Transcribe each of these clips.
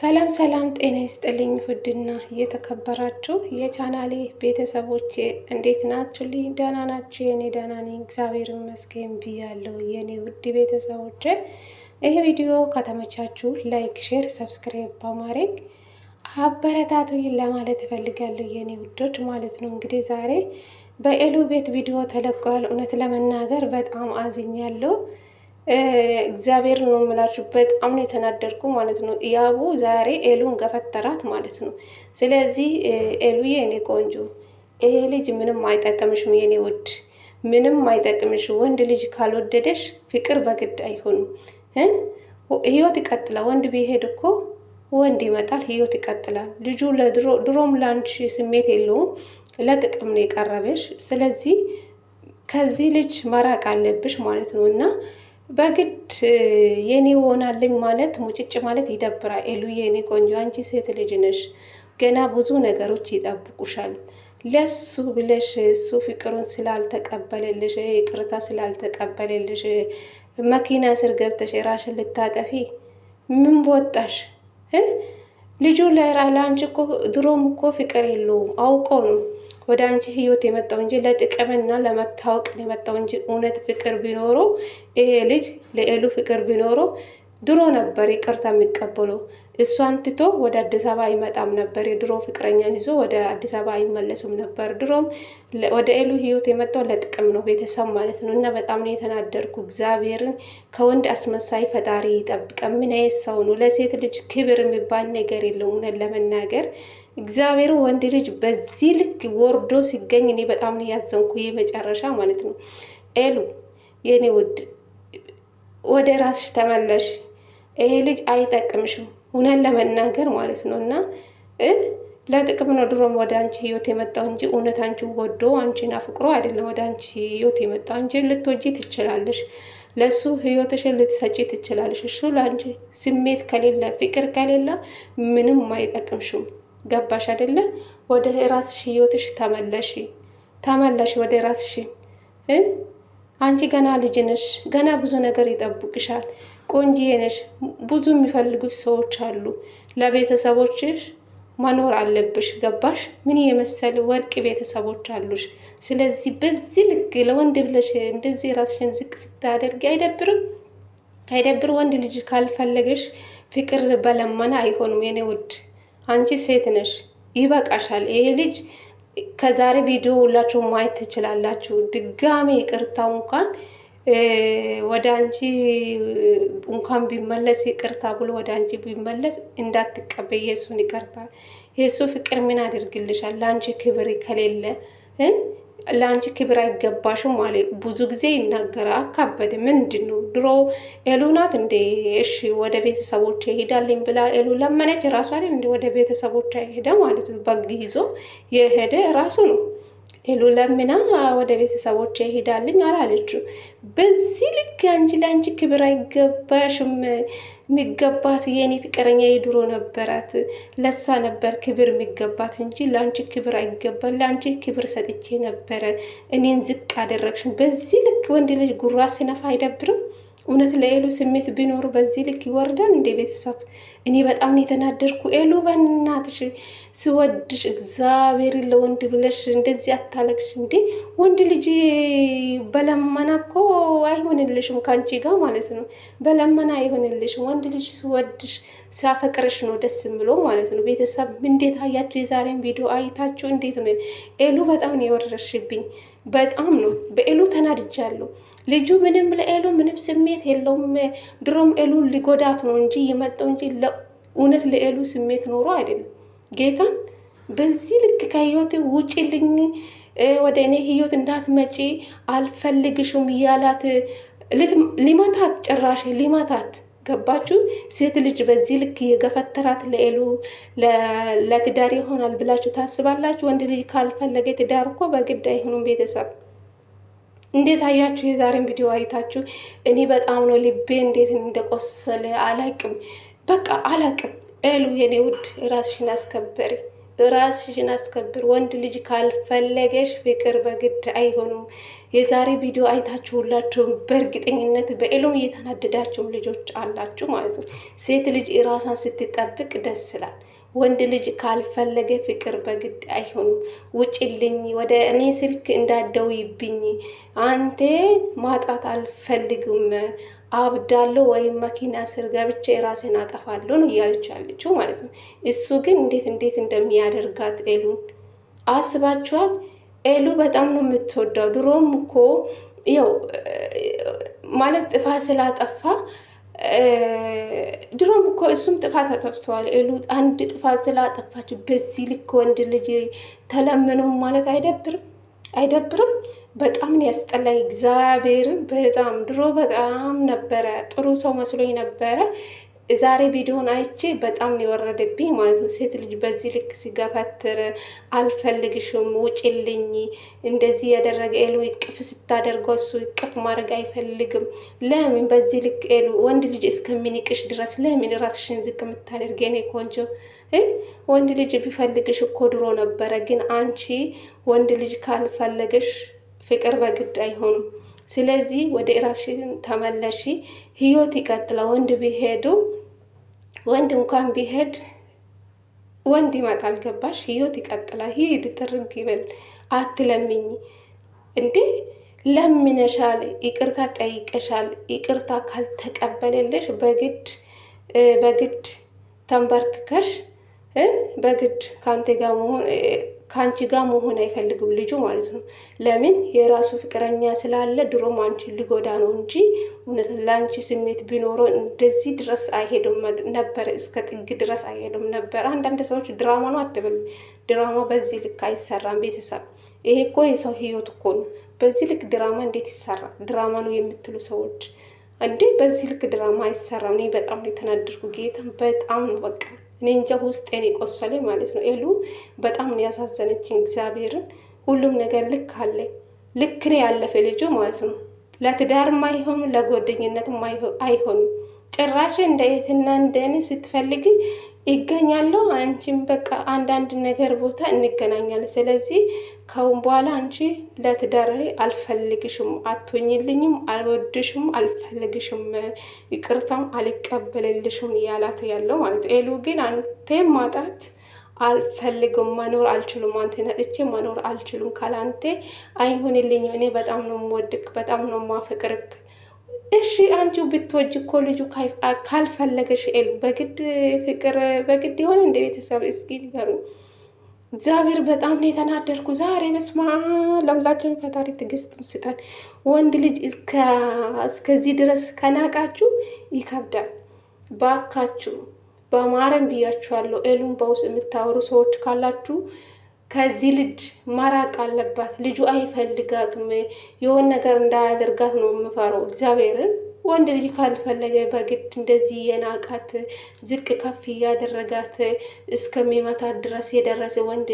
ሰላም ሰላም፣ ጤና ይስጥልኝ ውድና እየተከበራችሁ የቻናሌ ቤተሰቦች እንዴት ናችሁልኝ? ደህና ናችሁ? የኔ ደህና ነኝ እግዚአብሔር ይመስገን ብያለሁ። የኔ ውድ ቤተሰቦች ይህ ቪዲዮ ከተመቻችሁ ላይክ፣ ሼር፣ ሰብስክራይብ በማድረግ አበረታቱ ለማለት እፈልጋለሁ የኔ ውዶች ማለት ነው። እንግዲህ ዛሬ በኤሉ ቤት ቪዲዮ ተለቋል። እውነት ለመናገር በጣም አዝኛለሁ። እግዚአብሔር ነው የምላችሁ፣ በጣም ነው የተናደድኩ ማለት ነው። ያቡ ዛሬ ኤሉን ገፈተራት ማለት ነው። ስለዚህ ኤሉዬ፣ እኔ ቆንጆ፣ ይሄ ልጅ ምንም አይጠቅምሽም፣ የኔ ውድ፣ ምንም አይጠቅምሽ። ወንድ ልጅ ካልወደደሽ ፍቅር በግድ አይሆንም። ህይወት ይቀጥላል። ወንድ ቢሄድ እኮ ወንድ ይመጣል፣ ህይወት ይቀጥላል። ልጁ ድሮም ላንቺ ስሜት የለውም፣ ለጥቅም ነው የቀረበሽ። ስለዚህ ከዚህ ልጅ መራቅ አለብሽ ማለት ነው እና በግድ የኔ ሆናልኝ ማለት ሙጭጭ ማለት ይደብራል። ሉ የኔ ቆንጆ አንቺ ሴት ልጅ ነሽ፣ ገና ብዙ ነገሮች ይጠብቁሻል። ለሱ ብለሽ እሱ ፍቅሩን ስላልተቀበለልሽ ይቅርታ ስላልተቀበለልሽ መኪና ስር ገብተሽ ራሽን ልታጠፊ ምን በወጣሽ? ልጁ ለአንቺ እኮ ድሮም እኮ ፍቅር የለውም አውቀው ነው ወደ አንቺ ህይወት የመጣው እንጂ ለጥቅምና ለመታወቅ የመጣው እንጂ እውነት ፍቅር ቢኖረው ይሄ ልጅ ለኤሉ ፍቅር ቢኖረው ድሮ ነበር ይቅርታ የሚቀበሉ። እሷን ትቶ ወደ አዲስ አበባ አይመጣም ነበር። የድሮ ፍቅረኛ ይዞ ወደ አዲስ አበባ አይመለሱም ነበር። ድሮም ወደ ኤሉ ህይወት የመጣው ለጥቅም ነው፣ ቤተሰብ ማለት ነው። እና በጣም ነው የተናደርኩ። እግዚአብሔርን ከወንድ አስመሳይ ፈጣሪ ይጠብቀ። ምን አይነት ሰው ነው? ለሴት ልጅ ክብር የሚባል ነገር የለውም። እውነት ለመናገር እግዚአብሔር ወንድ ልጅ በዚህ ልክ ወርዶ ሲገኝ እኔ በጣም ነው ያዘንኩ። የመጨረሻ ማለት ነው ኤሉ የኔ ውድ ወደ ራስሽ ተመለሽ። ይሄ ልጅ አይጠቅምሽም፣ እውነን ለመናገር ማለት ነው እና ለጥቅም ነው ድሮም ወደ አንቺ ህይወት የመጣው እንጂ እውነት አንቺ ወዶ አንቺን አፍቅሮ አይደለም ወደ አንቺ ህይወት የመጣው። አንቺን ልትወጂ ትችላለሽ፣ ለእሱ ህይወትሽን ልትሰጪ ትችላለሽ። እሱ ለአንቺ ስሜት ከሌለ ፍቅር ከሌለ ምንም አይጠቅምሽም። ገባሽ አይደለ? ወደ ራስሽ ህይወትሽ ተመለሽ፣ ተመለሽ ወደ ራስሽ አንቺ ገና ልጅ ነሽ፣ ገና ብዙ ነገር ይጠብቅሻል። ቆንጂዬ ነሽ፣ ብዙ የሚፈልጉት ሰዎች አሉ። ለቤተሰቦችሽ መኖር አለብሽ። ገባሽ? ምን የመሰለ ወርቅ ቤተሰቦች አሉሽ። ስለዚህ በዚህ ልክ ለወንድ ብለሽ እንደዚህ ራስሽን ዝቅ ስታደርጊ አይደብርም? አይደብር? ወንድ ልጅ ካልፈለገሽ ፍቅር በለመና አይሆንም። የኔ ውድ አንቺ ሴት ነሽ፣ ይበቃሻል። ይሄ ልጅ ከዛሬ ቪዲዮ ሁላችሁ ማየት ትችላላችሁ። ድጋሚ ይቅርታው እንኳን ወደ አንቺ እንኳን ቢመለስ ይቅርታ ብሎ ወደ አንቺ ቢመለስ እንዳትቀበይ የሱን ይቅርታ የሱ ፍቅር ምን አድርግልሻል? ለአንቺ ክብር ከሌለ ለአንቺ ክብር አይገባሽም አለ። ብዙ ጊዜ ይናገረ አካበደ ምንድን ነው ድሮ ኤሉናት እንዴ? እሺ ወደ ቤተሰቦች ይሄዳልኝ ብላ ኤሉ ለመነች። ራሱ አይደል እንደ ወደ ቤተሰቦች ሄደ ማለት ነው። በግ ይዞ የሄደ ራሱ ነው። ኤሉ ለምና ወደ ቤተሰቦች ይሄዳልኝ አላለችው። በዚህ ልክ አንቺ ለአንቺ ክብር አይገባሽም ሚገባት የኔ ፍቅረኛ የድሮ ነበራት። ለሳ ነበር ክብር ሚገባት እንጂ ለአንቺ ክብር አይገባል። ለአንቺ ክብር ሰጥቼ ነበረ። እኔን ዝቅ አደረግሽን። በዚህ ልክ ወንድ ልጅ ጉራ ሲነፋ አይደብርም? እውነት ለኤሉ ስሜት ቢኖሩ በዚህ ልክ ይወርዳል እንዴ? ቤተሰብ። እኔ በጣም ነው የተናደርኩ። ኤሉ በናትሽ ስወድሽ እግዚአብሔር ለወንድ ብለሽ እንደዚህ አታለቅሽ እንዴ! ወንድ ልጅ በለመና እኮ አይሆንልሽም ከአንቺ ጋር ማለት ነው። በለመና አይሆንልሽም። ወንድ ልጅ ስወድሽ ሲያፈቅርሽ ነው ደስ ብሎ ማለት ነው። ቤተሰብ እንዴት አያችሁ? የዛሬን ቪዲዮ አይታችሁ እንዴት ነው ኤሉ በጣም ነው የወረርሽብኝ። በጣም ነው በኤሉ ተናድጃለሁ። ልጁ ምንም ለኤሉ ምንም ስሜት የለውም። ድሮም ኤሉ ሊጎዳት ነው እንጂ የመጣው እንጂ እውነት ለኤሉ ስሜት ኖሮ አይደለም። ጌታን በዚህ ልክ ከህይወት ውጪልኝ፣ ወደ እኔ ህይወት እንዳትመጪ አልፈልግሽም እያላት ሊመታት ጭራሽ ሊመታት ገባችሁ? ሴት ልጅ በዚህ ልክ የገፈተራት ለኤሉ ለትዳር ይሆናል ብላችሁ ታስባላችሁ? ወንድ ልጅ ካልፈለገ ትዳር እኮ በግድ አይሆኑም። ቤተሰብ እንዴት አያችሁ? የዛሬን ቪዲዮ አይታችሁ እኔ በጣም ነው ልቤ እንዴት እንደቆሰለ አላቅም። በቃ አላቅም። ኤሉ የኔ ውድ ራስሽን አስከበሪ። ራስሽን አስከብር። ወንድ ልጅ ካልፈለገሽ ፍቅር በግድ አይሆንም። የዛሬ ቪዲዮ አይታችሁ በእርግጠኝነት በኤሎም እየተናደዳችሁም ልጆች አላችሁ ማለት ነው። ሴት ልጅ ራሷን ስትጠብቅ ደስ ይላል። ወንድ ልጅ ካልፈለገ ፍቅር በግድ አይሆንም። ውጭልኝ፣ ወደ እኔ ስልክ እንዳደውይብኝ አንቴ ማጣት አልፈልግም፣ አብዳለሁ ወይም መኪና ስር ገብቼ ራሴን አጠፋለሁ ነው እያለቻለችው ማለት ነው። እሱ ግን እንዴት እንዴት እንደሚያደርጋት ኤሉን አስባችኋል? ኤሉ በጣም ነው የምትወዳው። ድሮም እኮ ያው ማለት ጥፋት ስላጠፋ ድሮም እኮ እሱም ጥፋት አጠፍተዋል። ሉ አንድ ጥፋት ስላጠፋች በዚህ ልክ ወንድ ልጅ ተለምኖ ማለት አይደብርም አይደብርም። በጣም ያስጠላ ያስጠላኝ። በጣም ድሮ በጣም ነበረ ጥሩ ሰው መስሎኝ ነበረ። ዛሬ ቪዲዮን አይቼ በጣም የወረደብኝ ማለት ነው። ሴት ልጅ በዚህ ልክ ሲገፈትር አልፈልግሽም፣ ውጪልኝ እንደዚህ ያደረገ ኤሉ ይቅፍ ስታደርገው እሱ ይቅፍ ማድረግ አይፈልግም። ለምን በዚህ ልክ ኤሉ ወንድ ልጅ እስከሚንቅሽ ድረስ ለምን ራስሽን ዝቅ የምታደርግ? የኔ ቆንጆ ወንድ ልጅ ቢፈልግሽ እኮ ድሮ ነበረ። ግን አንቺ ወንድ ልጅ ካልፈለገሽ ፍቅር በግድ አይሆንም። ስለዚህ ወደ ራስሽን ተመለሺ። ህይወት ይቀጥላል። ወንድ ቢሄዱ ወንድ እንኳን ቢሄድ ወንድ ይመጣል። ገባሽ? ህይወት ይቀጥላል። ሂድ ትርግ ይበል። አትለምኝ እንዴ ለምነሻል፣ ይቅርታ ጠይቀሻል። ይቅርታ ካልተቀበለልሽ በግድ በግድ ተንበርክከሽ በግድ ከአንተ ጋር መሆን ከአንቺ ጋር መሆን አይፈልግም ልጁ ማለት ነው። ለምን የራሱ ፍቅረኛ ስላለ ድሮም አንቺን ሊጎዳ ነው እንጂ እውነት ለአንቺ ስሜት ቢኖረው እንደዚህ ድረስ አይሄድም ነበር፣ እስከ ጥግ ድረስ አይሄድም ነበር። አንዳንድ ሰዎች ድራማ ነው አትበሉ። ድራማ በዚህ ልክ አይሰራም። ቤተሰብ ይሄ እኮ የሰው ህይወት እኮ ነው። በዚህ ልክ ድራማ እንዴት ይሰራ? ድራማ ነው የምትሉ ሰዎች እንዴ፣ በዚህ ልክ ድራማ አይሰራም። እኔ በጣም ነው የተናደድኩ ጌታ፣ በጣም ነው በቃ እኔ እንጃ ውስጤን የቆሰለ ማለት ነው። ኤሉ በጣም ነው ያሳዘነችኝ። እግዚአብሔርን ሁሉም ነገር ልክ አለ ልክ ነው ያለፈ ልጁ ማለት ነው። ለትዳር ማይሆን ለጓደኝነት አይሆንም። ጭራሽ እንደ የትና እንደኔ ስትፈልግ ይገኛለሁ። አንቺም በቃ አንዳንድ ነገር ቦታ እንገናኛለን። ስለዚህ ከአሁን በኋላ አንቺ ለትዳር አልፈልግሽም፣ አትሆኝልኝም፣ አልወድሽም፣ አልፈልግሽም፣ ይቅርታም አልቀበልልሽም እያላት ያለው ማለት ኤሉ ግን አንቴ ማጣት አልፈልግም መኖር አልችሉም። አንተ ነጥቼ መኖር አልችሉም። ካላንቴ አይሆንልኝ። እኔ በጣም ነው የምወድክ፣ በጣም ነው የማፈቅርክ እሺ አንቺው ብትወጅ እኮ ልጁ ካልፈለገሽ ኤሉ በግድ ፍቅር በግድ የሆነ እንደ ቤተሰብ እስኪ ንገሩኝ። እግዚአብሔር በጣም ነው የተናደርኩ ዛሬ። በስማ ለሁላችን ፈጣሪ ትዕግስት ስጠን። ወንድ ልጅ እስከዚህ ድረስ ከናቃችሁ ይከብዳል። ባካችሁ በማረም ብያችኋለሁ። ኤሉን በውስጥ የምታወሩ ሰዎች ካላችሁ ከዚህ ልጅ ማራቅ አለባት። ልጁ አይፈልጋትም። የሆን ነገር እንዳያደርጋት ነው የምፈረው እግዚአብሔርን። ወንድ ልጅ ካልፈለገ በግድ እንደዚህ የናቃት ዝቅ ከፍ እያደረጋት እስከሚመታት ድረስ የደረሰ ወንድ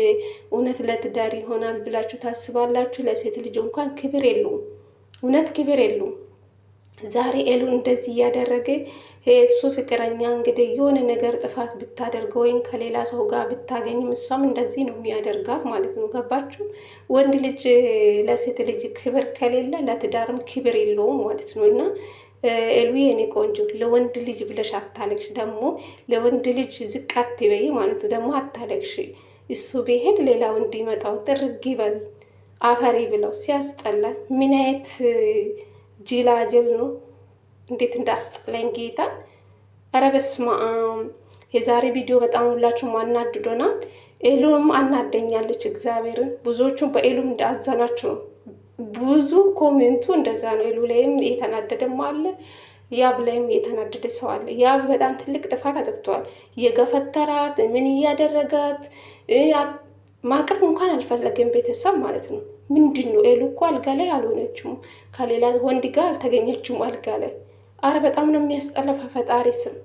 እውነት ለትዳር ይሆናል ብላችሁ ታስባላችሁ? ለሴት ልጅ እንኳን ክብር የለውም፣ እውነት ክብር የለውም። ዛሬ ኤሉን እንደዚህ እያደረገ እሱ ፍቅረኛ እንግዲህ የሆነ ነገር ጥፋት ብታደርገ ወይም ከሌላ ሰው ጋር ብታገኝም እሷም እንደዚህ ነው የሚያደርጋት ማለት ነው። ገባችሁ? ወንድ ልጅ ለሴት ልጅ ክብር ከሌለ ለትዳርም ክብር የለውም ማለት ነው እና ኤሉ የኔ ቆንጆ ለወንድ ልጅ ብለሽ አታለቅሽ። ደግሞ ለወንድ ልጅ ዝቅ አትበይ ማለት ነው። ደግሞ አታለቅሽ። እሱ ቢሄድ ሌላ ወንድ ይመጣው ጥርግ ይበል አፈሪ ብለው ሲያስጠላ ምን አይነት ጅላጅል ነው። እንዴት እንዳስጠላኝ ጌታ! ኧረ በስመ አብ! የዛሬ ቪዲዮ በጣም ሁላችሁም አናድዶናል። ኤሉም አናደኛለች። እግዚአብሔርን ብዙዎቹ በኤሉም እንዳዘናችሁ ነው። ብዙ ኮሜንቱ እንደዛ ነው። ኤሉ ላይም የተናደደም አለ፣ ያብ ላይም የተናደደ ሰው አለ። ያብ በጣም ትልቅ ጥፋት አጥፍተዋል። የገፈተራት ምን እያደረጋት ማቀፍ እንኳን አልፈለገም ቤተሰብ ማለት ነው። ምንድን ነው ኤሉ እኮ አልጋ ላይ አልሆነችም፣ ከሌላ ወንድ ጋር አልተገኘችም አልጋ ላይ። አረ በጣም ነው የሚያስጠላ ፈጣሪ ስም